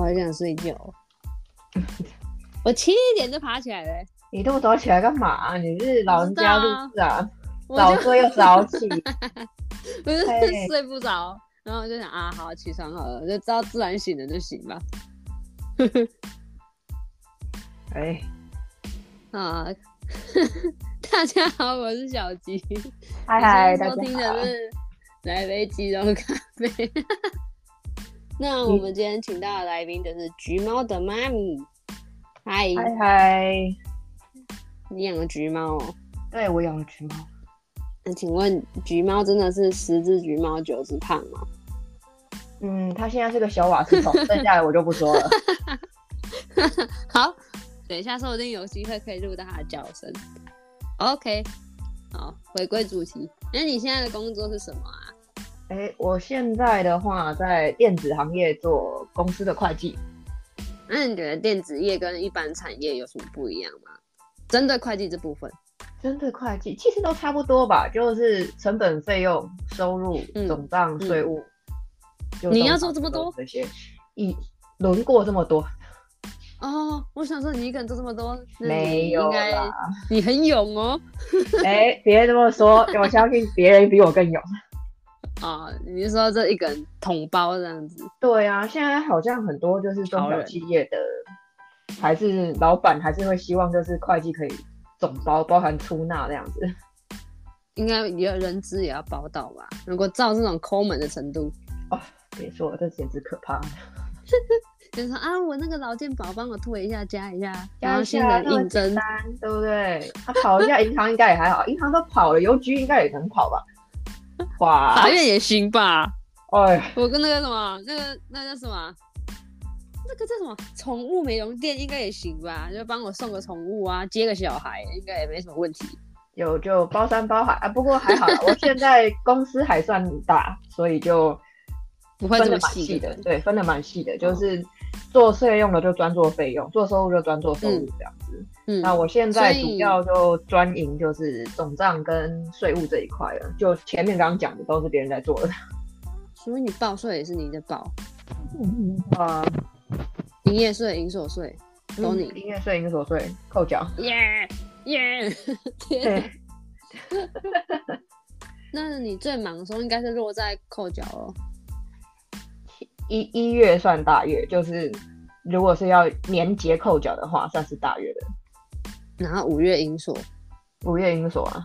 我還想睡覺、哦， 我七點就爬起來了、欸。你這麼早起來幹嘛？你是老人家就是啊，早睡、啊、又早起，不 是睡不着，然後我就想啊，好起床好了，我就到自然醒了就行吧。哎 嘿，啊， 大家好，我是小吉，嗨嗨，大家好，來杯雞肉咖啡。 那我們今天請到的來賓就是橘貓的媽咪，嗨嗨嗨，你養了橘貓哦？對，我養了橘貓。那請問橘貓真的是十隻橘貓九隻胖嗎？嗯，它現在是個小瓦斯桶， 剩下的我就不說了。 好，等一下說不定有機會可以錄到它的叫聲。OK，好，回歸主題。那、嗯、你現在的工作是什麼啊？哎、欸，我現在的話在電子行業做公司的會計。那你覺得電子業跟一般產業有什麼不一樣嗎？針對會計這部分？針對會計其實都差不多吧，就是成本、費用、收入、總賬、稅、嗯、務、嗯。你要做這麼多？這些一輪過這麼多？哦，我想說你一做這麼多你應該，沒有啦，你很勇哦。哎、 欸，別這麼說，我相信別人比我更勇。啊、哦，你是說這一個人統包，這樣子？對啊，現在好像很多就是中小企業的，還是老闆還是會希望就是會計可以總包，包含出納這樣子。應該也有人資也要包到吧？如果照這種摳門的程度，哦，別說了，這簡直可怕。就 說啊，我那個勞健保幫我推一下，一下，加一下，然後新人應徵，對不對？他、啊、跑一下銀行應該也還好，銀 行都跑了，郵局應該也能跑吧。哇， 法院也行吧？哎，我跟那個什麼，那個那叫、個、什麼，那個叫什麼寵、那個、物美容店應該也行吧？就幫我送個寵物啊，接個小孩應該也沒什麼問題。有就包山包海啊，不過還好， 我現在公司還算大，所以就的不會分的蠻細的。對，分得的蠻細的，就是做費用的就專做費用，做收入就專做收入這樣子。嗯嗯、那我現在主要就專營就是總賬跟稅務這一塊了，就前面剛剛講的都是別人在做的，所以你報稅也是你的報嗯啊，營業稅、營所稅都你、嗯、營業稅、營所稅扣繳。耶、yeah! 耶、yeah! 天哪 那你最忙的時候應該是落在扣繳哦，一一月算大月，就是如果是要年結扣繳的話，算是大月的。然後五月營所，五月營所啊。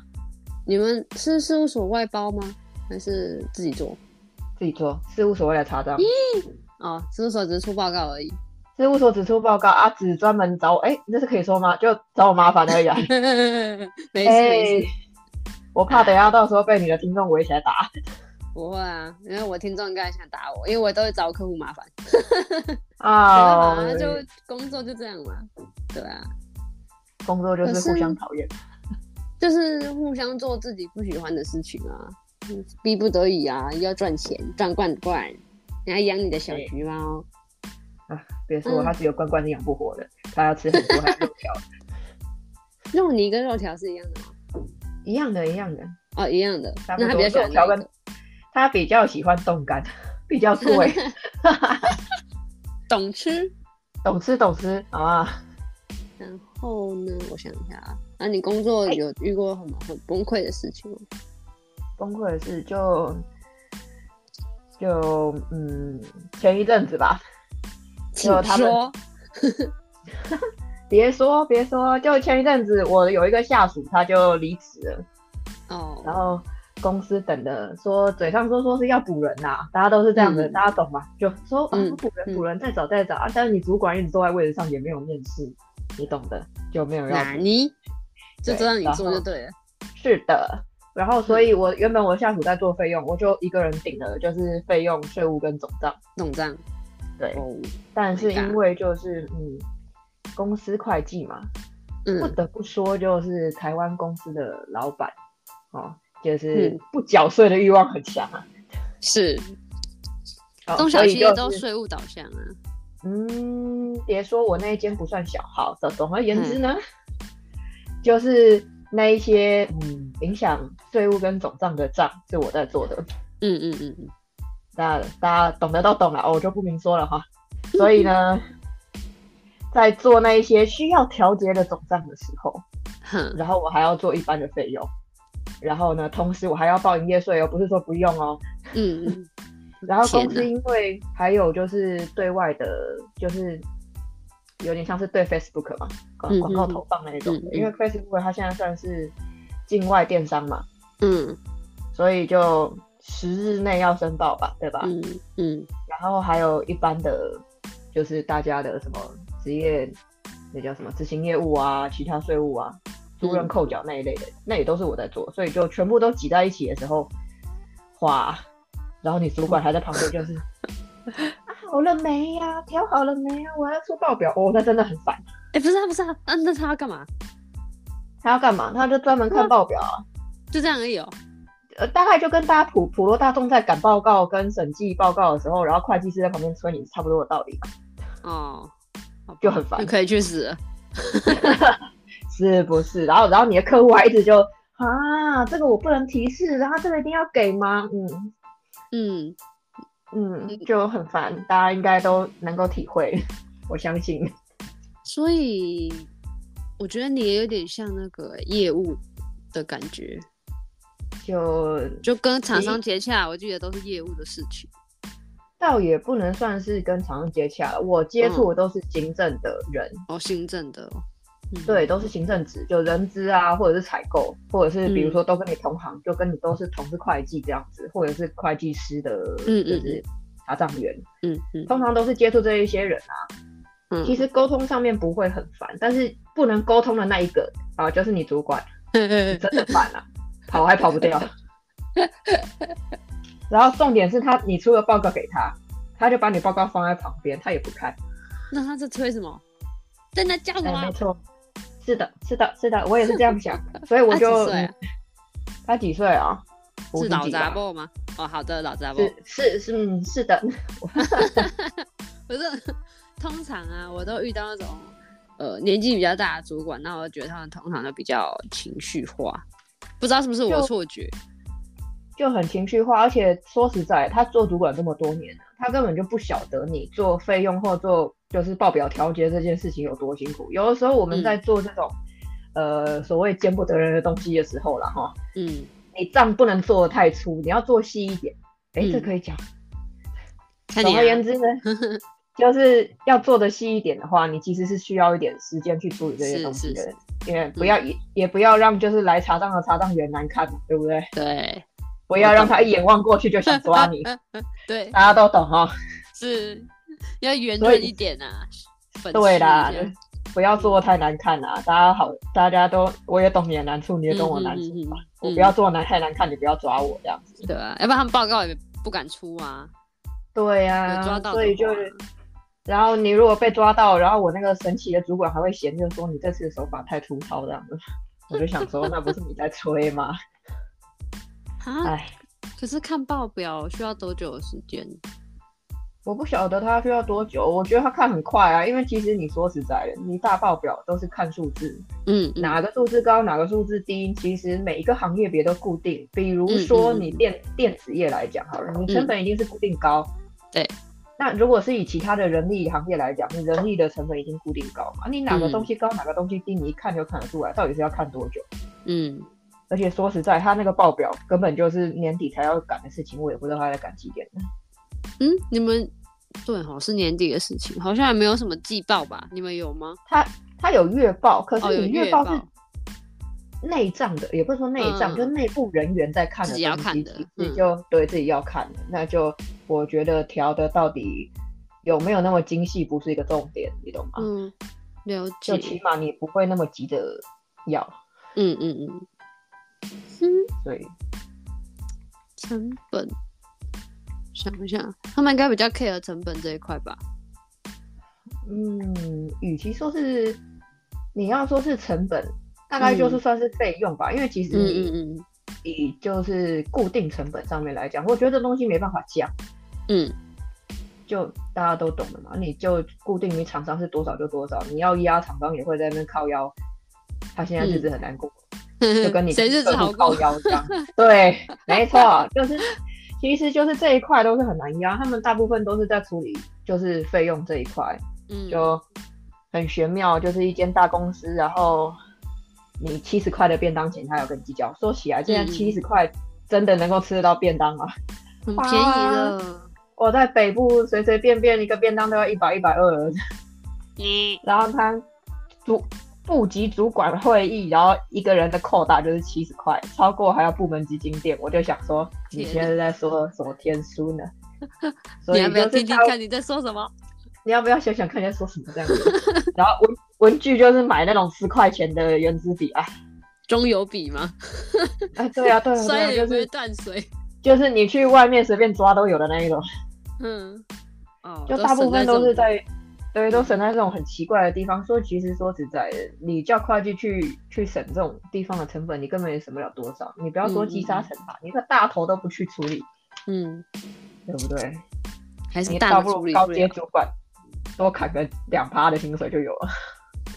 你們是事務所外包嗎？還是自己做？自己做，事務所為了查賬。哦，事務所只是出報告而已。事務所只出報告啊，只專門找我。哎，那是可以說嗎？就找我麻煩而已。 沒事沒事，我怕等下到時候被你的聽眾圍起來打。不會啊，因為我聽眾應該很想打我，因為我都會找客戶麻煩。啊、 oh,， 就工作就這樣嘛。對啊。工作就是互相討厭，就是互相做自己不喜歡的事情啊。逼不得已啊，要賺錢，賺罐罐，你還養你的小橘貓啊。別說，它、嗯、只有罐罐是養不活的，它要吃很多肉條。 肉泥跟肉條是一樣嗎？一樣的，一樣的，一樣的哦，一樣的。它比較比較喜歡凍、那個、乾，比較脆， 懂吃，懂吃，懂吃，啊，嗯然後呢？我想一下啊。那、啊、你工作有遇過很、很崩潰的事情嗎？崩潰的事就就嗯，前一陣子吧。就他說。別 說別說，就前一陣子，我有一個下屬，他就離職了。哦、oh.。然後公司等的說，嘴上說說是要補人吶、啊，大家都是這樣的、嗯嗯，大家懂嗎？就說啊，補、嗯嗯嗯、人補人，再找再找啊。但是你主管一直坐在位置上，也沒有面試。你懂的，就沒有讓，你，就這樣你做就對了。是的，然後所以我，我原本我下屬在做費用、嗯，我就一個人頂了，就是費用、稅務跟總賬、總賬。對、哦，但是因為就是、oh、嗯，公司會計嘛、嗯，不得不說，就是台灣公司的老闆哦，就是、嗯、不繳稅的欲望很強啊。是，哦、中小企也都稅務導向啊。嗯，別說我那一間不算小號的。總而言之呢，嗯、就是那一些嗯影響稅務跟總賬的賬是我在做的。嗯嗯嗯嗯，大家大家懂得都懂了，哦、我就不明說了哈、嗯嗯。所以呢，在做那一些需要調節的總賬的時候、嗯，然後我還要做一般的費用，然後呢，同時我還要報營業稅哦，不是說不用哦。嗯嗯。 然後公司因為還有就是對外的，就是有點像是對 Facebook 嘛，廣、嗯、廣告投放那種的、嗯。因為 Facebook 它現在算是境外電商嘛，嗯，所以就十日內要申報吧，對吧？嗯嗯。然後還有一般的，就是大家的什麼職業，那叫什麼執行業務啊，其他稅務啊，租人扣繳那一類的、嗯，那也都是我在做，所以就全部都擠在一起的時候，花。然後你主管還在旁邊，就是、 啊、好了沒呀？啊，調好了沒呀？啊，我要出報表哦，那真的很煩。哎，不是，不是啊，嗯、啊啊，那他要幹嘛？他要幹嘛？他就專門看報表啊，就這樣而已。哦。呃，大概就跟大家普普羅大眾在趕報告跟審計報告的時候，然後會計師在旁邊催你，差不多的道理。哦，就很煩，你可以去死， 是不是？然後，然後你的客戶還一直就啊，這個我不能提示，然後這個一定要給嗎？嗯。嗯嗯，就很煩、嗯，大家應該都能夠體會，我相信。所以我覺得你也有點像那個業務的感覺，就就跟廠商接洽，欸，我記得都是業務的事情。倒也不能算是跟廠商接洽，我接觸的都是行政的人，嗯、哦，行政的。嗯、對，都是行政職，就人資啊，或者是採購，或者是比如說都跟你同行，嗯、就跟你都是同事會計這樣子，或者是會計師的，嗯嗯查賬員，嗯嗯，嗯，嗯，通常都是接觸這一些人啊。嗯、其實溝通上面不會很煩，但是不能溝通的那一個啊，就是你主管，嗯嗯，真的煩啊， 跑還跑不掉。 然後重點是他，你出了報告給他，他就把你報告放在旁邊，他也不看。那他是催什麼？在那叫我沒錯。是的，是的，是的，我也是這樣想，的， 所以我就、啊嗯、他幾歲啊？啊？是老雜博嗎？哦，好的，老雜博是是是嗯，是的。可 是，通常啊，我都遇到那種呃年紀比較大的主管，那我覺得他們通常都比較情緒化，不知道是不是我的錯覺就，就很情緒化。而且說實在，他做主管這麼多年了，他根本就不曉得你做費用或做。就是報表調節這件事情有多辛苦，有的時候我們在做這種，嗯、呃，所謂見不得人的東西的時候了哈，嗯，你賬不能做的太粗，你要做細一點，哎、欸嗯，這可以講。總而言之呢， 就是要做的細一點的話，你其實是需要一點時間去處理這些東西的，也不要也、嗯、也不要讓就是來查賬的查賬員難看嘛，對不對？對，不要讓他一眼望過去就想抓你， 對，大家都懂哈，是。 要圓潤一點吶、啊，對啦，不要做太難看吶、嗯。大家好，大家都，我也懂你的難處，你也懂我難處吧。吧、嗯嗯？我不要做難太難看、嗯，你不要抓我這樣子。對啊，要不然他們報告也不敢出啊。對啊，所以就，然後你如果被抓到，然後我那個神奇的主管還會嫌，就是說你這次的手法太粗糙這樣子。 我就想說，那不是你在吹嗎？啊， 哎，可是看報表需要多久的時間？我不曉得他需要多久，我覺得他看很快啊，因為其實你說實在的，你大報表都是看數字。嗯，嗯，哪個數字高，哪個數字低，其實每一個行業別都固定，比如說你電、嗯嗯、電子業來講好了，你成本一定是固定高，對、嗯嗯，那如果是以其他的人力行業來講，你人力的成本已經固定高嘛，你哪個東西高、嗯，哪個東西低，你一看就看得出來，到底是要看多久，嗯，而且說實在，他那個報表根本就是年底才要趕的事情，我也不知道他在趕幾點嗯，你們對好、哦、是年底的事情，好像還沒有什麼季報吧？你們有嗎？他他有月報，可是月報是內帳的、哦，也不是說內帳、嗯，就是內部人員在看的自己要看的，自己就、嗯、對自己要看的，那就我覺得調的到底有沒有那麼精細，不是一個重點，你懂嗎？嗯，了解。就起碼你不會那麼急着要，嗯嗯嗯，嗯，對、嗯，成本。想一下，他們應該比較 care 成本這一塊吧？嗯，與其說是你要說是成本，嗯，大概就是算是費用吧，嗯。因為其實嗯嗯嗯以就是固定成本上面來講，我覺得這東西沒辦法降。嗯，就大家都懂的嘛，你就固定於廠商是多少就多少。你要壓廠商，也會在那靠腰。他現在日子很難過，嗯，就跟你誰日子好過靠腰這樣。 對，沒錯， 就是。其實就是這一塊都是很難壓，他們大部分都是在處理就是費用這一塊，嗯，就很玄妙。就是一間大公司，然後你七十塊的便當錢，他要跟你計較。說起來，現在七十塊真的能夠吃得到便當嗎、嗯啊？很便宜的，我在北部隨隨便便一個便當都要一百一百二了。你、嗯，然後他，部級主管會議，然後一個人的扣打就是七十塊，超過還有部門基金墊。我就想說，你現在在說什麼天書呢天，啊所以？你要不要聽聽看你在說什麼？你要不要想想看你在說什麼這樣子？ 然後文文具就是買那種十塊錢的原子筆啊，中油筆嗎？哎， 對呀，啊，對，啊，所以，啊啊，就是斷 水，就是你去外面隨便抓都有的那一種。嗯，哦，就大部分都是在。對，都省在這種很奇怪的地方。說其實說實在的，你叫會計去去省這種地方的成本，你根本也省不了多少。你不要說積沙成塔，嗯，你連大頭都不去處理，嗯，對不對？還是大頭、啊？你倒不如高階主管多砍個兩趴的薪水就有了。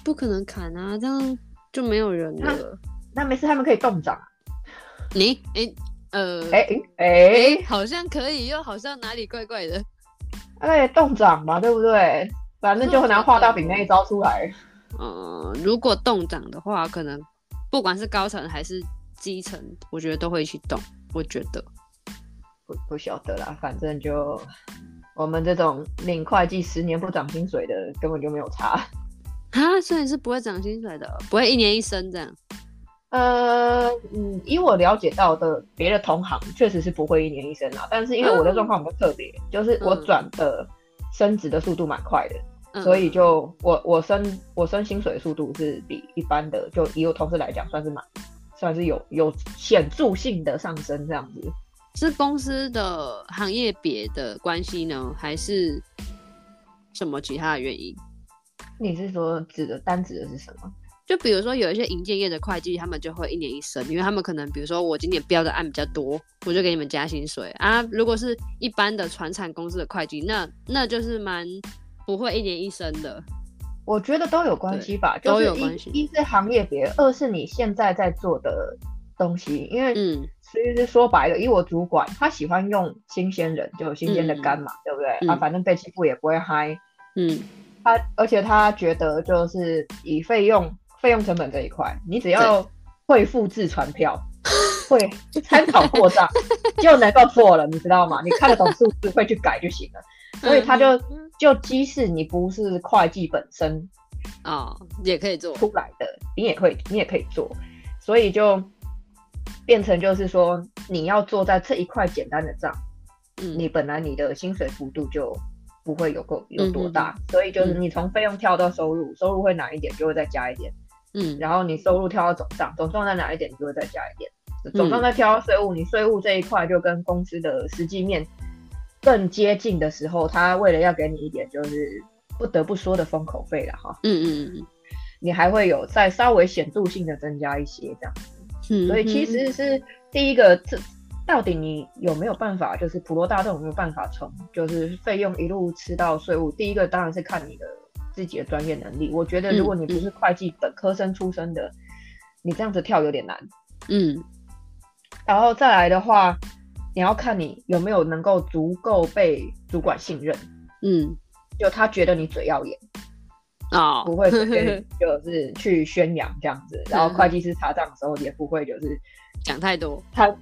不可能砍啊，這樣就沒有人了。那，那沒事，他們可以凍漲。你哎、欸、呃哎哎哎，好像可以，又好像哪裡怪怪的。哎、欸，凍漲嘛，對不對？反正就很難畫大餅那一招出來。嗯，呃、如果動漲的話，可能不管是高層還是基層，我覺得都會一起動，我覺得不不曉得啦，反正就我們這種領會計十年不漲薪水的，根本就沒有差啊，雖然是不會漲薪水的，不會一年一升這樣。呃，嗯，以我了解到的別的同行確實是不會一年一升啦，但是因為我的狀況很特別、嗯，就是我轉的。嗯升職的速度蠻快的，嗯，所以就我我升我升薪水的速度是比一般的，就以我同事來講，算是蠻算是有有顯著性的上升這樣子。是公司的行業別的關係呢，還是什麼其他的原因？你是說指的單指的是什麼？就比如說有一些營建業的會計，他們就會一年一升，因為他們可能比如說我今年標的案比較多，我就給你們加薪水啊。如果是一般的傳產公司的會計，那那就是蠻不會一年一升的。我覺得都有關係吧、就是，都有關係。一是行業別，二是你現在在做的東西，因為、嗯、其實說白了，因為我主管他喜歡用新鮮人，就新鮮的幹嘛、嗯，對不對、嗯、啊？反正被欺負也不會嗨，嗯，他而且他覺得就是以費用。費用成本這一塊，你只要會複製傳票，會參考過賬， 就能夠做了，你知道嗎？你看得懂數字， 會去改就行了。所以他就就即使你不是會計本身啊、哦，也可以做出來的。你也可以，你也可以做。所以就變成就是說，你要做在這一塊簡單的賬、嗯，你本來你的薪水幅度就不會有夠有多大、嗯哼哼，所以就是你從費用跳到收入、嗯，收入會難一點，就會再加一點。嗯，然後你收入跳到總賬，總賬在哪一點，你就會再加一點。嗯、總賬在跳到稅務，你稅務這一塊就跟公司的實際面更接近的時候，他為了要給你一點，就是不得不說的封口費了哈。嗯嗯嗯，你還會有再稍微顯著性的增加一些這樣嗯，所以其實是第一個，這到底你有沒有辦法，就是普羅大眾有沒有辦法從就是費用一路吃到稅務？第一個當然是看你的。自己的專業能力，我覺得如果你不是會計本科生出身的、嗯嗯，你這樣子跳有點難。嗯，然後再來的話，你要看你有沒有能夠足夠被主管信任。嗯，就他覺得你嘴要嚴啊、哦，不會就是去宣揚這樣子，嗯、然後會計師查賬的時候也不會就是講太多，他講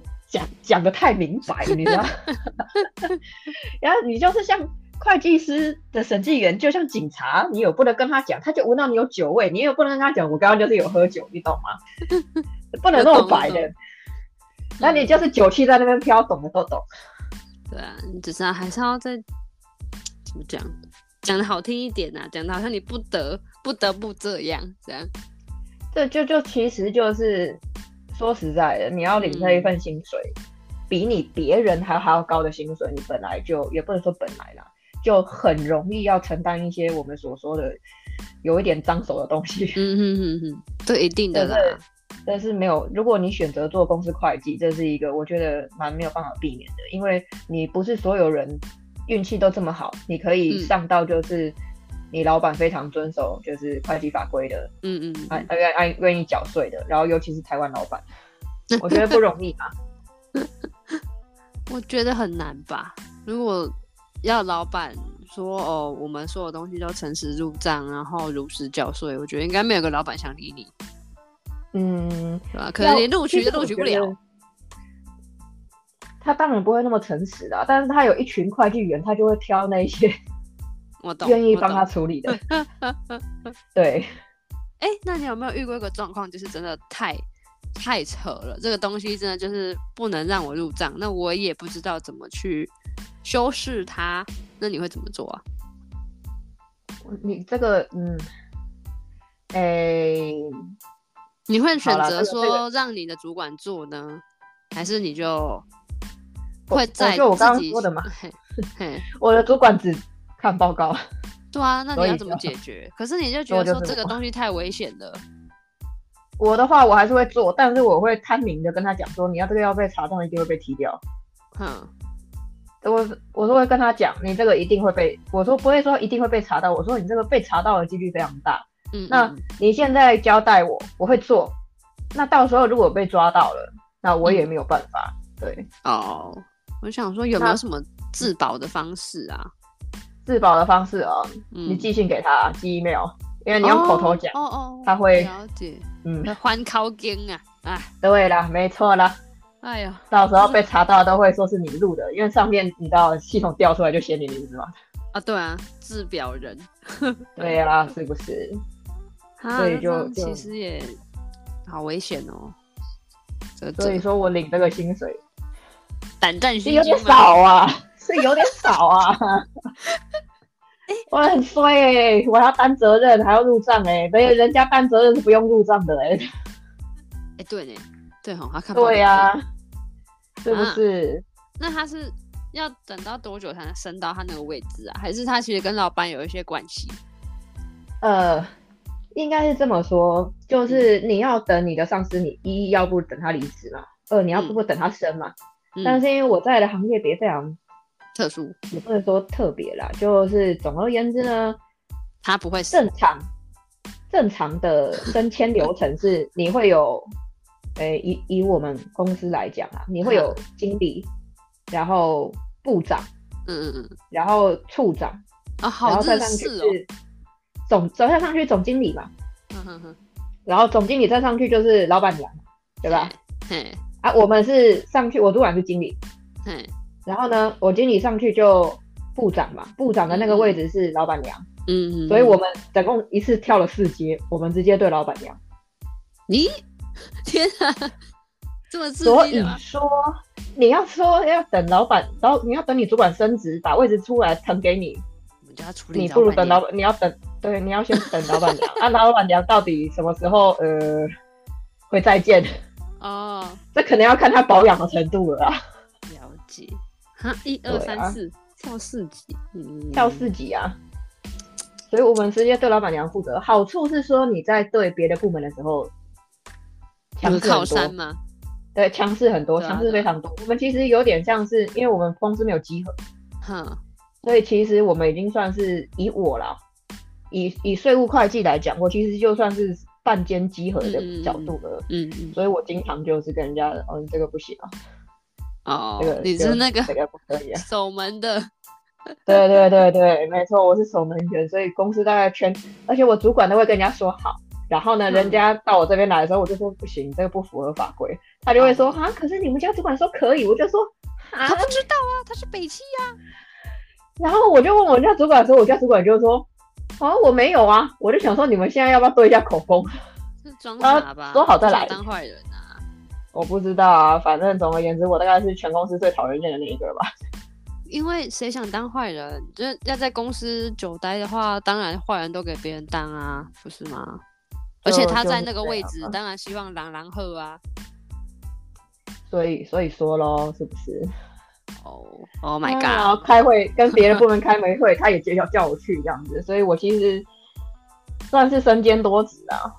講得太明白， 你知道。然 後你就是像。會計師的審計員就像警察，你有不能跟他講，他就聞到你有酒味。你也不能跟他講，我剛剛就是有喝酒，你懂嗎？ 不能那麼白的，那 你就是酒氣在那邊飄、嗯，懂的都懂。對啊，你只是、啊、還是要在怎麼講，講的好聽一點吶、啊，講的好像你不得不得不這樣這樣。這就就其實就是說實在的，你要領這一份薪水，嗯、比你別人還要還要高的薪水，你本來就也不能說本來啦。就很容易要承擔一些我們所說的有一點髒手的東西，嗯嗯嗯嗯，對，一定的啦。但是沒有，如果你選擇做公司會計，這是一個我覺得蠻沒有辦法避免的，因為你不是所有人運氣都這麼好，你可以上到就是你老闆非常遵守就是會計法規的，嗯嗯，愛愛愛願意繳稅的，然後尤其是台灣老闆，我覺得不容易吧？ 我覺得很難吧？如果。要老闆說哦，我們所有東西都誠實入賬，然後如實繳稅，我覺得應該沒有個老闆想理你。嗯，是吧，可能連錄取都錄取不了。他當然不會那麼誠實的啊，但是他有一群會計員，他就會挑那些我懂 願意幫他處理的。 對，哎，那你有沒有遇過一個狀況，就是真的太？太扯了，這個東西真的就是不能讓我入賬。那我也不知道怎麼去修飾它。那你會怎麼做啊？你這個，嗯，哎、欸，你會選擇說讓你的主管做呢、這個這個，還是你就會在自己做的嘛？我的主管只看報告。對啊，那你要怎麼解決？可是你就覺得說這個東西太危險了。我的話，我還是會做，但是我會攤明的跟他講說，你要這個要被查到，一定會被踢掉。哼，我我都會跟他講，你這個一定會被，我說不會說一定會被查到，我說你這個被查到的幾率非常大。嗯，那嗯你現在交代我，我會做。那到時候如果被抓到了，那我也沒有辦法。嗯、對，哦、oh，我想說有沒有什麼自保的方式啊？自保的方式啊、嗯，你寄信給他，寄 email。因為你用口頭講，他、哦、會、哦哦、了解。嗯，換口徑啊？啊，對了，沒錯啦。哎呀，到時候被查到都會說是你錄的，因為上面你知道系統調出來就寫你名字嘛。啊，對啊，制表人。 對啦，是不是？啊、所以就、啊、其實也好危險哦。所以說，我領這個薪水，膽戰心驚，有點少啊， 是有點少啊。 我、欸、很衰哎、欸，我要擔責任還要入賬哎、欸，沒有人家擔責任是不用入賬的哎、欸欸，對呢？對哈，他看對啊，是不是、啊？那他是要等到多久才能升到他那個位置啊？還是他其實跟老闆有一些關係？呃，應該是這麼說，就是你要等你的上司，你一要不等他離職嘛，二你要不等他升嘛，嗯、但是因為我在的行業別這樣。特殊也不能說特別啦，就是總而言之呢，嗯、他不會正常，正常的升遷流程是你會有，誒、 欸、以以我們公司來講啊，你會有經理，然後部長，嗯嗯嗯，然後處長啊，好、哦，然後再上去是總，首先上去總經理嘛，嗯嗯嗯，然後總經理再上去就是老闆娘，對吧？嗯，啊，我們是上去，我主管是經理，嗯。然後呢，我經理上去就部長嘛，部長的那個位置是老闆娘，嗯，嗯，嗯，嗯，所以我們總共一次跳了四階，我們直接對老闆娘。咦，天啊，這麼刺激、啊、所以你說你要說要等老闆老，然後你要等你主管升職，把位置出來騰給你。你不如等老闆，你要等對，你要先等老闆娘，那、 啊、老闆娘到底什麼時候呃會再見？哦、oh.，這可能要看她保養的程度了啊。 了解。哈 1, 2, 3, 4, 啊，一二三四，跳四級，嗯，跳四級啊！所以我們直接對老闆娘負責。好處是說你在對別的部門的時候，強勢很，很多。對、啊對，強勢很多，強勢非常多。我們其實有點像是，因為我們公司沒有稽核，嗯，所以其實我們已經算是以我了，以以稅務會計來講，我其實就算是半兼稽核的角度了，嗯嗯嗯。嗯。所以我經常就是跟人家，嗯、哦，這個不行啊。哦、oh,，你是那個誰不可以啊！守門的。對對對對， 沒錯，我是守門員，所以公司大概全，而且我主管都會跟人家說好，然後呢，嗯、人家到我這邊來的時候，我就說不行，這個不符合法規。他就會說啊，啊，可是你們家主管說可以，我就說、啊、他不知道啊，他是北七呀、啊。然後我就問我家主管說，我家主管就說啊，我沒有啊，我就想說你們現在要不要對一下口風？是裝傻吧？說好再來當壞人。我不知道啊，反正總而言之，我大概是全公司最討人厭的那一個吧。因為誰想當壞人？就要在公司久待的話，當然壞人都給別人當啊，不是嗎？而且他在那個位置，當然希望狼朗赫啊。所以所以說嘍，是不是？哦 oh,，Oh my god！、啊、開會跟別的部門開沒會， 他也就要叫我去這樣子，所以我其實算是身兼多職啊。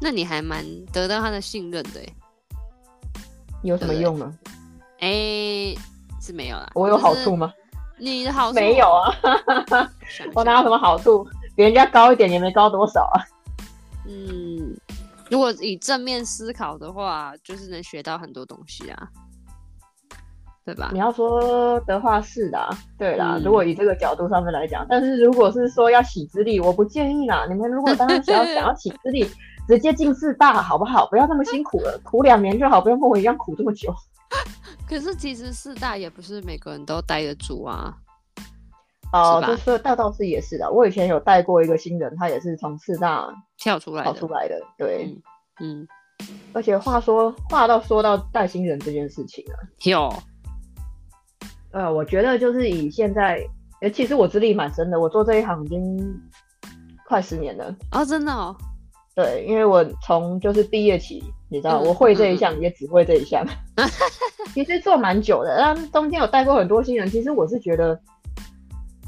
那你還蠻得到他的信任的、欸。有什麼用呢、啊？誒，是沒有了。我有好處嗎？你的好處沒有啊 想想？我哪有什麼好處？比人家高一點，也沒高多少啊。嗯，如果以正面思考的話，就是能學到很多東西啊，對吧？你要說的話是的、啊，對啦、嗯。如果以這個角度上面來講，但是如果是說要洗資歷，我不建議啦。你們如果當時想要想要洗資歷。 直接進四大好不好？不要那麼辛苦了，苦兩年就好，不用跟我一樣苦這麼久。 可是其實四大也不是每個人都待得住啊。哦、呃，就是大道士也是的。我以前有帶過一個新人，他也是從四大跳出來跑出來的。對，嗯。嗯，而且話說話到說到帶新人這件事情啊，有。呃，我覺得就是以現在，哎，其實我資歷蠻深的，我做這一行已經快十年了啊、哦，真的、哦。對，因為我從就是畢業起，你知道，我會這一項，也只會這一項，嗯嗯。其實做蠻久的，但中間有帶過很多新人。其實我是覺得，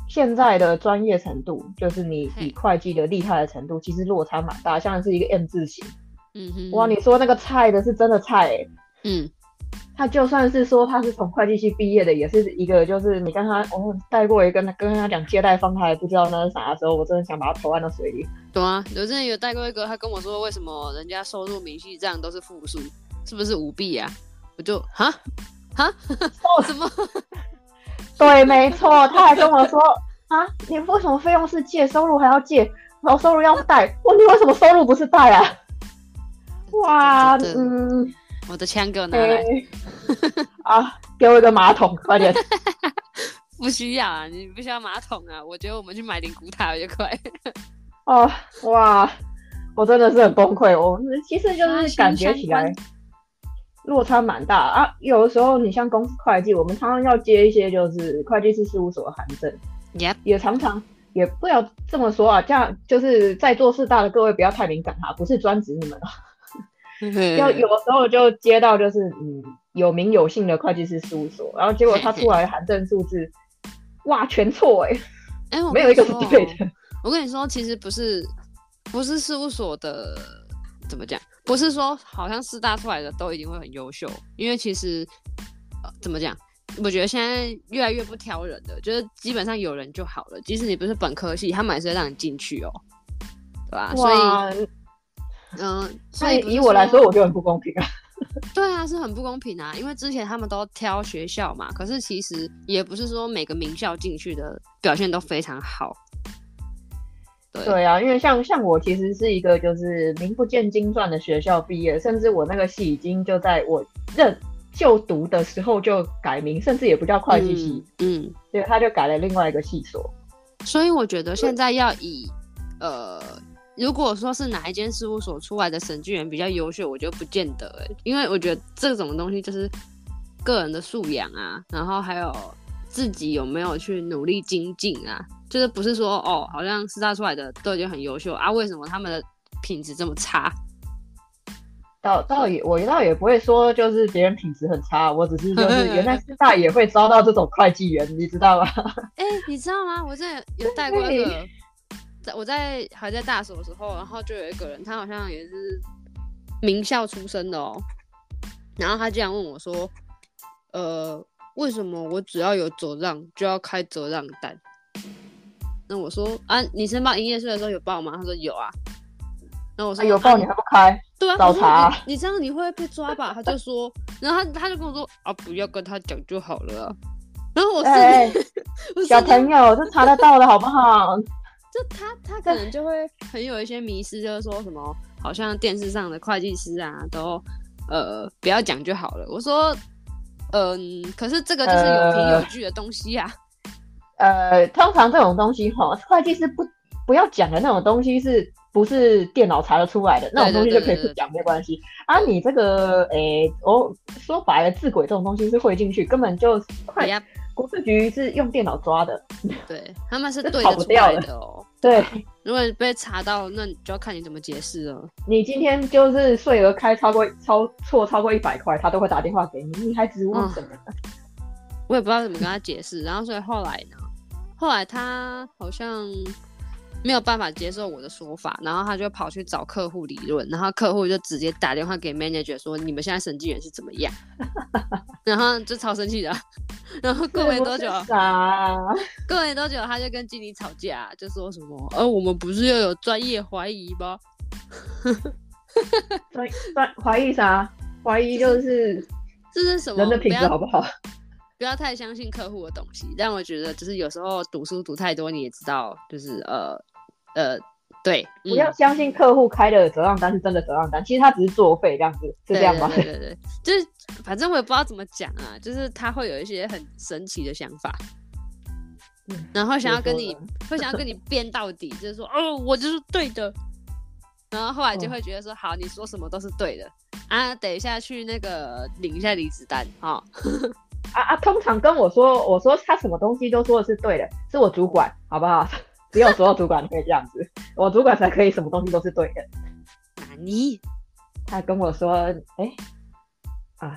現在的專業程度，就是你比會計的厲害的程度，其實落差蠻大，像是一個 M 字型。嗯哼，哇，你說那個菜的是真的菜，欸？嗯。他就算是說他是從會計系畢業的，也是一個就是你跟他我帶、哦、過一個跟，跟他講借貸方他還不知道那是啥的時候，我真的想把他頭按到水裡。懂嗎？有陣有帶過一個，他跟我說為什麼人家收入明細賬都是負數，是不是舞弊啊？我就啊啊，我 怎麼？ 對，沒錯，他還跟我說啊， 你為什麼費用是借收入還要借，然後收入要是貸？我、 哦、你為什麼收入不是貸啊？ 哇，嗯。我的槍給我拿來 hey, 啊！給我一個馬桶，快點！不需要啊，你不需要馬桶啊。我覺得我們去買點靈骨塔就快。 哦、啊，哇！我真的是很崩潰。我其實就是感覺起來落差蠻大啊。有的時候，你像公司會計，我們常常要接一些就是會計師事務所的函證，也、yep. 也常常也不要這麼說啊。這樣就是在座四大的各位不要太敏感哈、啊，不是專指你們、啊。 要有的時候就接到就是嗯有名有姓的會計師事務所，然後結果他出來的函證數字， 哇全錯哎、欸，哎、欸、沒有一個是對的。我跟你說，其實不是不是事務所的怎麼講，不是說好像四大出來的都一定會很優秀，因為其實、呃、怎麼講，我覺得現在越來越不挑人的，就是基本上有人就好了，即使你不是本科系，他們還是會讓你進去哦，對吧？所以。嗯，所以以我來說，我就很不公平啊。 對啊，是很不公平啊，因為之前他們都挑學校嘛，可是其實也不是說每個名校進去的表現都非常好。對，對啊，因為像像我其實是一個就是名不見經傳的學校畢業，甚至我那個系已經就在我認就讀的時候就改名，甚至也不叫會計系，嗯，所以他就改了另外一個系所。所以我覺得現在要以呃。如果說是哪一間事務所出來的審計員比較優秀，我覺得不見得、欸，因為我覺得這種東西就是個人的素養啊，然後還有自己有沒有去努力精進啊，就是不是說哦，好像四大出來的都已經很優秀啊，為什麼他們的品質這麼差？倒倒也，我倒也不會說就是別人品質很差，我只是就是原來四大也會招到這種會計員， 你知道嗎？哎、欸，你知道嗎？我這也有帶過一個。我在還在大手的時候，然後就有一個人，他好像也是名校出身的哦。然後他這樣問我，說：“呃，為什麼我只要有折讓就要開折讓單？”那我說：“啊，你申報營業稅的時候有報嗎？”他說：“有啊。”那我說：“啊、有報、啊、你還不開？對啊，找碴、啊。你這樣你會被抓吧？”他就說，然後他他就跟我說：“啊，不要跟他講就好了、啊。”然後我說、欸欸 ：“小朋友，這查得到了好不好？” 就他他可能就會很有一些迷失，就是說什麼好像電視上的會計師啊，都呃不要講就好了。我說，嗯、呃，可是這個就是有憑有據的東西啊。呃，呃通常這種東西哈，會計師不不要講的那種東西是，是不是電腦查得出來的，對對對對對，那種東西就可以不講沒關係啊？你這個誒，我、哦、說白了，治鬼這種東西是會進去，根本就快。國稅局是用電腦抓的，對他們是對、喔，不掉的哦。對，如果被查到，那就要看你怎麼解釋了。你今天就是稅額開超過超錯超過一百塊，他都會打電話給你，你還指望什麼、嗯？我也不知道怎麼跟他解釋。 然後所以後來呢？後來他好像。沒有辦法接受我的說法，然後他就跑去找客戶理論，然後客戶就直接打電話給 manager 說：“你們現在審計員是怎麼樣？” 然後就超生氣的。然後過沒多久，過沒多久他就跟經理吵架，就說什麼：“而、呃、我們不是又有專業懷疑嗎？” 專專懷疑啥？懷疑就是這是什麼人的品質好不好？不要太相信客戶的東西，但我覺得就是有時候讀書讀太多，你也知道，就是呃呃，對，不、嗯、要相信客戶開的折讓單是真的折讓單，其實他只是作廢這樣子，是這樣嗎？對對對，對，對， 就是反正我也不知道怎麼講啊，就是他會有一些很神奇的想法，嗯、然後想要跟你， 會想要跟你辯到底，就是說哦，我就是對的，然後後來就會覺得說、嗯、好，你說什麼都是對的啊，等一下去那個領一下離職單啊。哦 啊啊！通常跟我說，我說他什麼東西都說的是對的，是我主管，好不好？ 只有所有主管可以這樣子，我主管才可以什麼東西都是對的。納尼，他跟我說，哎、欸，啊，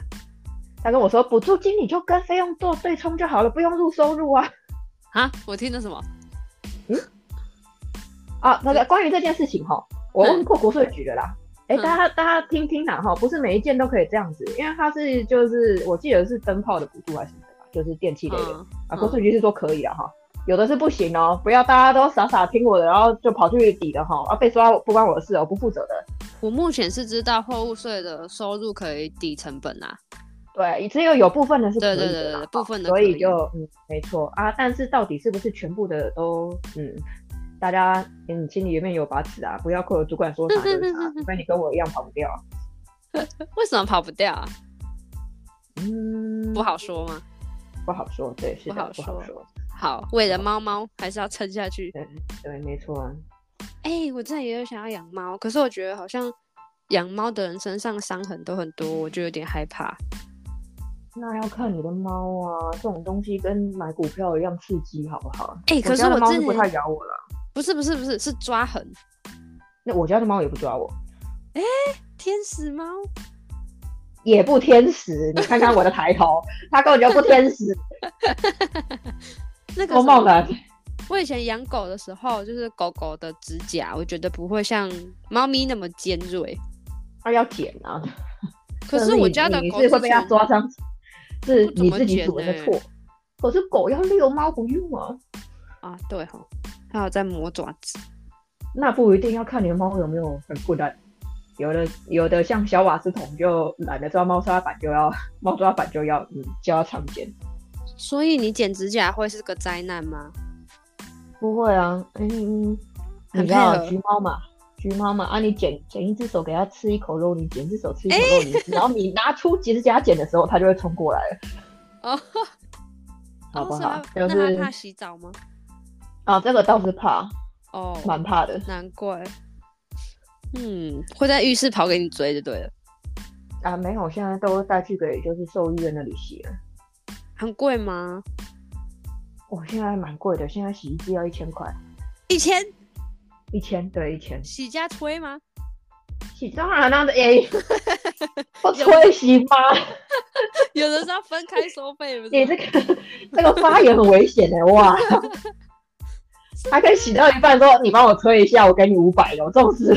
他跟我說，補助金你就跟費用做對沖就好了，不用入收入啊。啊，我聽的什麼？嗯，啊，那個關於這件事情哈，我問過國稅局啦。嗯.哎、欸嗯，大家大家聽聽看、啊、哈，不是每一件都可以這樣子，因為它是就是我記得是燈泡的補助還是什麼就是電器類的、嗯、啊。國稅局是說可以啊哈，有的是不行哦，不要大家都傻傻聽我的，然後就跑去抵了哈，啊被抓不關我的事哦，我不負責的。我目前是知道貨物稅的收入可以抵成本啊，對，只有有部分的是的、啊、對，對，對對對，部分的可以，所以就嗯沒錯啊，但是到底是不是全部的都嗯？大家嗯，欸、你心裡有沒有把尺啊，不要扣，主管說啥就是啥 你跟我一樣跑不掉。 為什麼跑不掉、啊。嗯，不好說嗎？不好說，對，是的不好說，不好說。好，為了貓貓，還是要撐下去。對，對沒錯啊。哎、欸，我真的也有想要養貓，可是我覺得好像養貓的人身上傷痕都很多，我就有點害怕。那要看你的貓啊，這種東西跟買股票一樣刺激，好不好？哎、欸，可是我貓都不太咬我了。不是不是不是，是抓痕，那我家的貓也不抓我。哎、欸，天使貓也不天使，你看看我的抬頭， 它根本就不天使。做 夢是我， 我以前養狗的時候，就是狗狗的指甲，我覺得不會像貓咪那麼尖銳。它要剪啊。 可是我家的狗 會被它抓傷。欸，是你自己主人的錯。可是狗要遛，貓不用啊。啊，對哈，還有在磨爪子，那不一定，要看你的貓有沒有很困難，有的有的像小瓦斯桶就懶得抓貓抓板，就要貓抓板，就要嗯就要常剪，所以你剪指甲會是個災難嗎？不會啊，嗯，你看橘貓嘛，橘貓嘛，啊你剪剪一只手給它吃一口肉，你剪一只手吃一口肉，欸、然後你拿出指甲剪的時候，它就會衝過來了，哦，好不好？哦、就是它洗澡嗎？啊，這個倒是怕哦，蠻怕的，難怪。嗯，會在浴室跑給你追就對了。啊，沒有，我現在都帶去給就是獸醫院那裡洗了。很貴嗎？我、哦、現在還蠻貴的，現在洗衣機要一千塊。一千？一千？對，一千。洗加吹嗎？洗當然、啊、那的，欸、 不吹洗嗎？ 有人說要分開收費。你、欸欸、這個 這個發言很危險的 哇！還可以洗到一半說你幫我吹一下，我給你五百的，我重視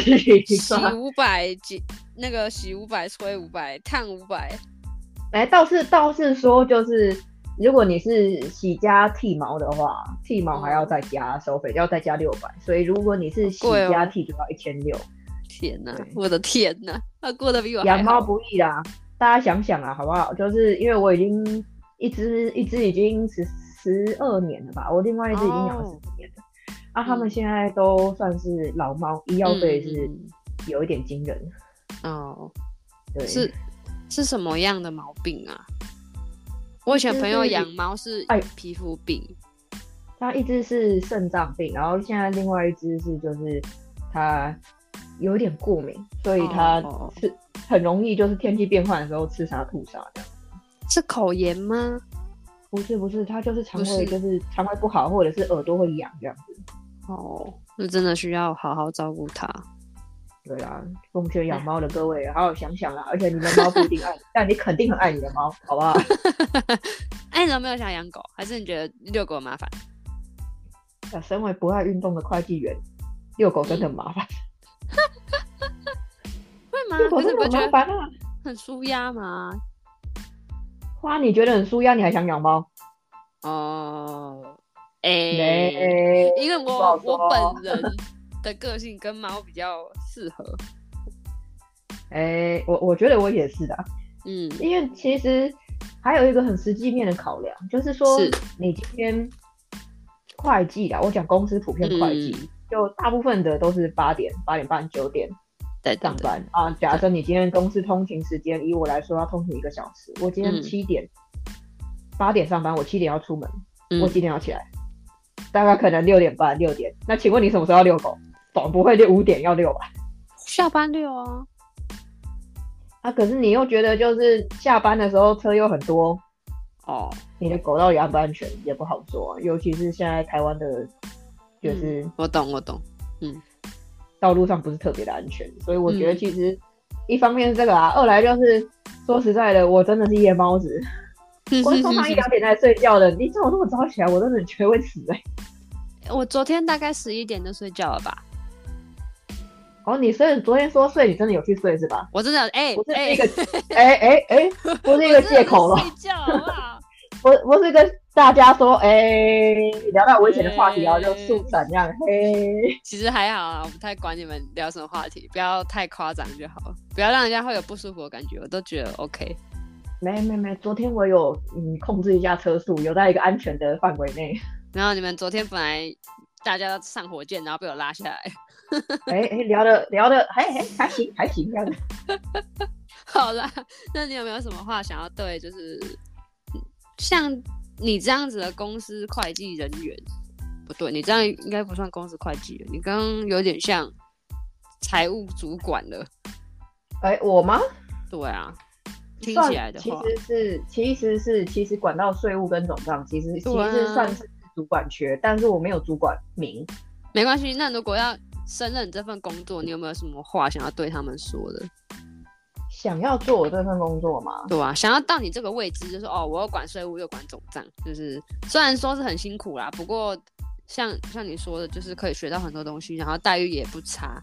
你算。洗五百幾那個洗五百吹五百燙五百，哎、欸，倒是倒是說就是如果你是洗加剃毛的話，剃毛還要再加收費、嗯，要再加六百，所以如果你是洗加剃就要一千六。天哪、啊，我的天哪、啊，他過得比我好養貓不易啦！大家想想啊，好不好？就是因為我已經一只一隻已經十十二年了吧，我另外一隻已經養了十幾年了。哦那、啊、他們現在都算是老貓，醫藥費是有一點驚人。哦、嗯，對，是是什麼樣的毛病啊？我以前朋友養貓是愛皮膚病，他、哎、一只是腎臟病，然後現在另外一只是就是他有點過敏，所以他是很容易就是天氣變換的時候吃啥吐啥。是口炎嗎？不是,不是,是,是不，不是，他就是腸胃，就是腸胃不好，或者是耳朵會癢這樣子。哦，就真的需要好好照顧它。對啊，奉勸養貓的各位好好想想啦！而且你的貓不一定愛， 但你肯定很愛你的貓，好不好？哎、 啊，你怎麼沒有想養狗？還是你覺得遛狗麻煩、啊？身為不愛運動的會計員，遛狗真的很麻煩。嗯、 會嗎？不是不麻煩啊！很舒壓嗎？哇、啊，你覺得很舒壓？你還想養貓？哦、uh...。哎、欸，因為我我本人的個性跟貓比較適合。哎、欸，我我覺得我也是啦。嗯，因為其實還有一個很實際面的考量，就是說，你今天會計啦，我講公司普遍會計、嗯，就大部分的都是八點、八點半、九點在上班對對對啊。假設你今天公司通勤時間，以我來說要通勤一個小時，我今天七點八、嗯、點上班，我七點要出門，嗯、我幾點要起來？大概可能六點半、六點。那請問你什麼時候要遛狗？總不會就五點要遛吧？下班遛啊、哦。啊，可是你又覺得就是下班的時候車又很多，哦、呃，你的狗到底安不安全也不好說、啊。尤其是現在台灣的，就是我懂我懂，嗯，道路上不是特別的安全、嗯嗯，所以我覺得其實一方面是這個啊，二來就是說實在的，我真的是夜貓子。 我通常一兩點才睡覺的， 你怎麼那麼早起來？我真的覺得會死哎、欸！我昨天大概十一點就睡覺了吧？哦，你真的昨天說睡，你真的有去睡是吧？我真的哎、欸，我是一個哎哎哎，不是一個借口了。我我是跟大家說哎、欸，聊到危險的話題，然後就猝死那樣哎。其實還好啊，我不太管你們聊什麼話題，不要太誇張就好了，不要讓人家會有不舒服的感覺，我都覺得 OK。沒沒沒，昨天我有嗯控制一下車速，有在一個安全的範圍內。然後你們昨天本來大家都上火箭，然後被我拉下來。哎 哎、欸欸，聊的聊的還還還行還行。還行這樣 好啦，那你有沒有什麼話想要對，就是像你這樣子的公司會計人員？不對，你這樣應該不算公司會計，你剛剛有點像財務主管了。哎、欸，我嗎？對啊。聽起來的話其實是其實是其實管到稅務跟總賬，其實其實算是主管缺、啊，但是我沒有主管名，沒關係。那如果要勝任這份工作，你有沒有什麼話想要對他們說的？想要做我這份工作嗎？對啊，想要到你這個位置，就是哦，我又管稅務又管總賬，就是雖然說是很辛苦啦，不過像像你說的，就是可以學到很多東西，然後待遇也不差。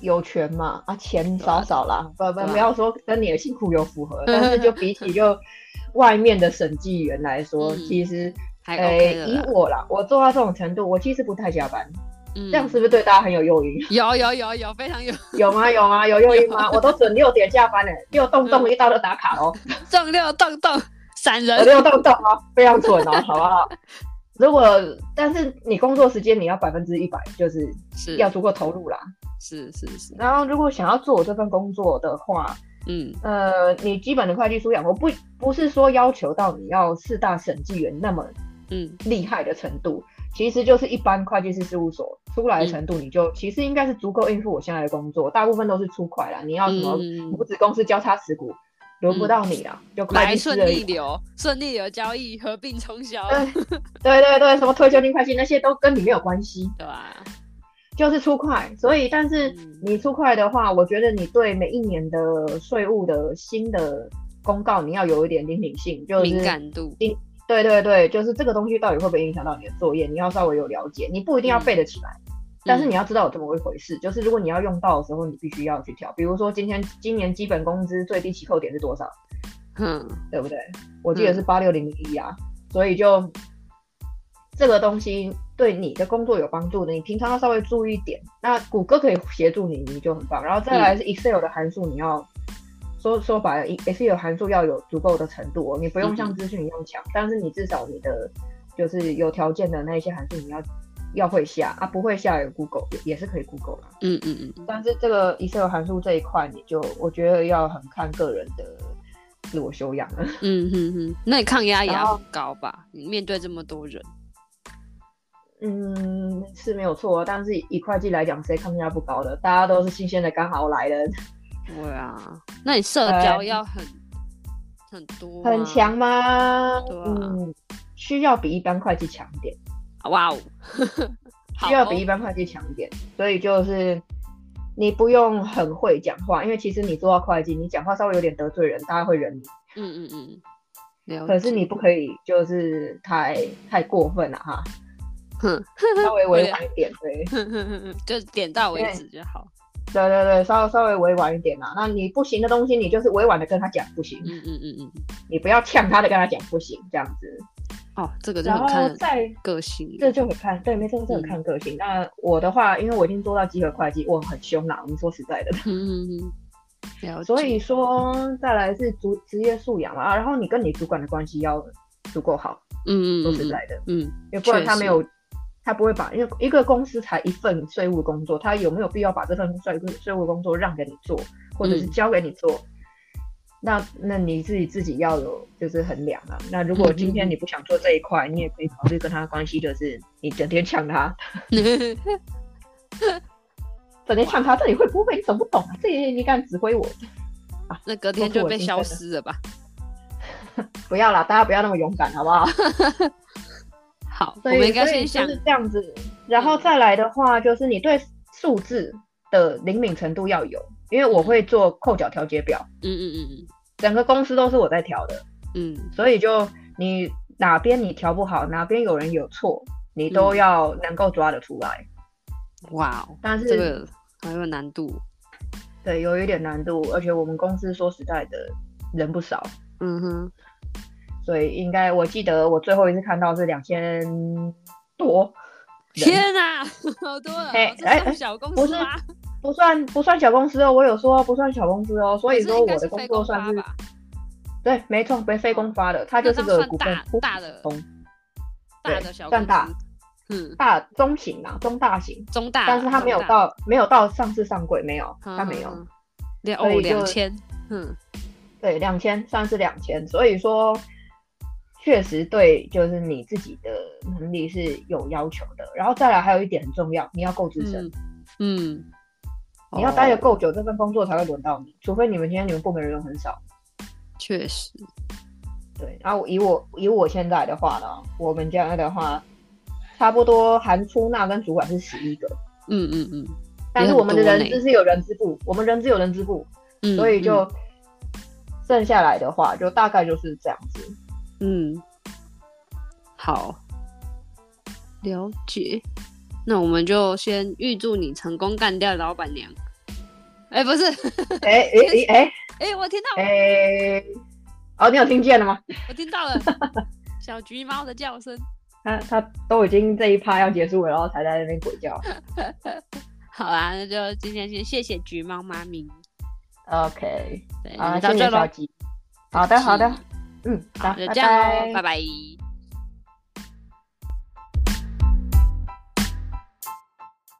有權嘛啊，錢少少啦。不不不要說跟你的辛苦有符合，但是就比起就外面的審計員來說， 嗯、其實哎、OK 欸、以我啦，我做到這種程度，我其實不太加班、嗯，這樣是不是對大家很有誘因？有有有有非常有 有嗎？有啊有誘因嗎有？我都準六點下班呢，六棟棟一到就打卡哦。正 六棟棟閃人，有六棟棟啊，非常準哦，好不好？ 如果但是你工作時間你要百分之一百，就是是要足夠投入啦。是是是，然後如果想要做我這份工作的話，嗯呃，你基本的會計素養，我不不是說要求到你要四大審計員那麼嗯厲害的程度、嗯，其實就是一般會計師事務所出來的程度，你就、嗯、其實應該是足夠應付我現在的工作。大部分都是出快了，你要什麼母子公司交叉持股，輪、嗯、不到你了、嗯、就來順利流順利流交易合併沖銷，對對對， 什麼退休金會計那些都跟你沒有關係，對吧、啊？就是出快，所以但是你出快的話，嗯、我覺得你對每一年的稅務的新的公告，你要有一點靈敏性，就是敏感度。對對對，就是這個東西到底會不會影響到你的作業，你要稍微有了解。你不一定要背得起來，嗯、但是你要知道有這麼一回事、嗯。就是如果你要用到的時候，你必須要去調。比如說今天今年基本工資最低起扣點是多少？嗯，對不對？我記得是八六零零一啊、嗯，所以就。這個東西對你的工作有幫助的，你平常要稍微注意一點。那谷歌可以協助你，你就很棒。然後再來是 Excel 的函數，你要說說白了 Excel 函數要有足夠的程度哦，你不用像資訊一樣強，但是你至少你的就是有條件的那一些函數你要要會下啊，不會下有 Google 也是可以 Google。嗯嗯嗯。但是這個 Excel 函數這一塊，你就我覺得要很看個人的自我修養。嗯哼哼，那你抗壓也要高吧？你面對這麼多人。嗯，是沒有錯，但是以，以會計來講，誰抗壓不高的，大家都是新鮮的，剛好來的。對啊，那你社交要很、嗯、很多、啊，很強嗎？對、啊？嗯，需要比一般會計強一點。哇、wow. 哦， 需要比一般會計強一點，所以就是你不用很會講話，因為其實你做到會計，你講話稍微有點得罪人，大家會忍你。嗯嗯嗯。可是你不可以就是太太過分了哈。 稍微委婉一點對，對，就點到為止就好。對對對，稍稍微委婉一點啦、啊。那你不行的東西，你就是委婉的跟他講不行。嗯嗯嗯嗯，你不要嗆他的跟他講不行這樣子。哦，這個就很看再個性,再個性，這就很看，對，沒錯，這很看個性、嗯。那我的話，因為我已經做到稽核會計，我很凶啦、啊，我們說實在的。嗯嗯嗯。所以說，再來是職職業素養嘛、啊，然後你跟你主管的關係要足夠好。嗯嗯,嗯嗯，說實在的，嗯,嗯，因為不然他沒有。他不會把，因為一個公司才一份稅務工作，他有沒有必要把這份稅稅務工作讓給你做，或者是交給你做？嗯、那那你自己自己要有就是衡量啊。那如果今天你不想做這一塊、嗯嗯，你也可以考慮跟他的關係，就是你整天嗆他， 整天嗆他，到底會不會你懂不懂啊？這些你敢指揮我、啊、那隔天就被消失了吧？了 不要了，大家不要那麼勇敢，好不好？ 好對，我們應該先想，所以就是這樣子。嗯、然後再來的話，就是你對數字的靈敏程度要有，因為我會做扣繳調節表。嗯嗯嗯嗯，整個公司都是我在調的。嗯，所以就你哪邊你調不好，哪邊有人有錯，你都要能夠抓得出來。嗯、哇，但是這有很有難度。對，有一點難度，而且我們公司說實在的，人不少。嗯哼。所以應該我記得我最後一次看到是兩千多，天吶、啊，好多了！哎、欸、哎，小公司不算不算小公司哦，我有說不算小公司哦。所以說我的工作算是，、哦、是對，沒錯，被是非公發的、哦，他就是個股份大，大的公，大的小算大，嗯，大中型嘛、啊，中大型，中大，但是他沒有到沒有到上市上櫃，沒有，他沒有，哦，兩千，2000，嗯，對，兩千算是兩千，所以說。確實對，就是你自己的能力是有要求的。然後再來，還有一點很重要，你要夠資深、嗯。嗯，你要待的夠久、哦，這份工作才會輪到你。除非你們今天你們部門人很少。確實，對。然、啊、後以我以我現在的話呢，我們家的話差不多，含出納跟主管是十一個。嗯嗯嗯，嗯。但是我們的人資是有人資部，我們人資有人資部、嗯，所以就剩下來的話，嗯、就大概就是這樣子。嗯，好，了解。那我們就先預祝你成功幹掉的老闆娘。哎、欸，不是，哎哎哎哎，我聽到哎、欸欸欸欸，哦，你有聽見了嗎？我聽到了， 小橘貓的叫聲。它它都已經這一趴要結束了，然後才在那邊鬼叫。 好啦、啊，那就今天先謝謝橘貓媽咪。OK，啊你到了，謝謝你小吉。好的，好的。嗯，好，好，拜拜就這樣哦，拜拜。拜拜。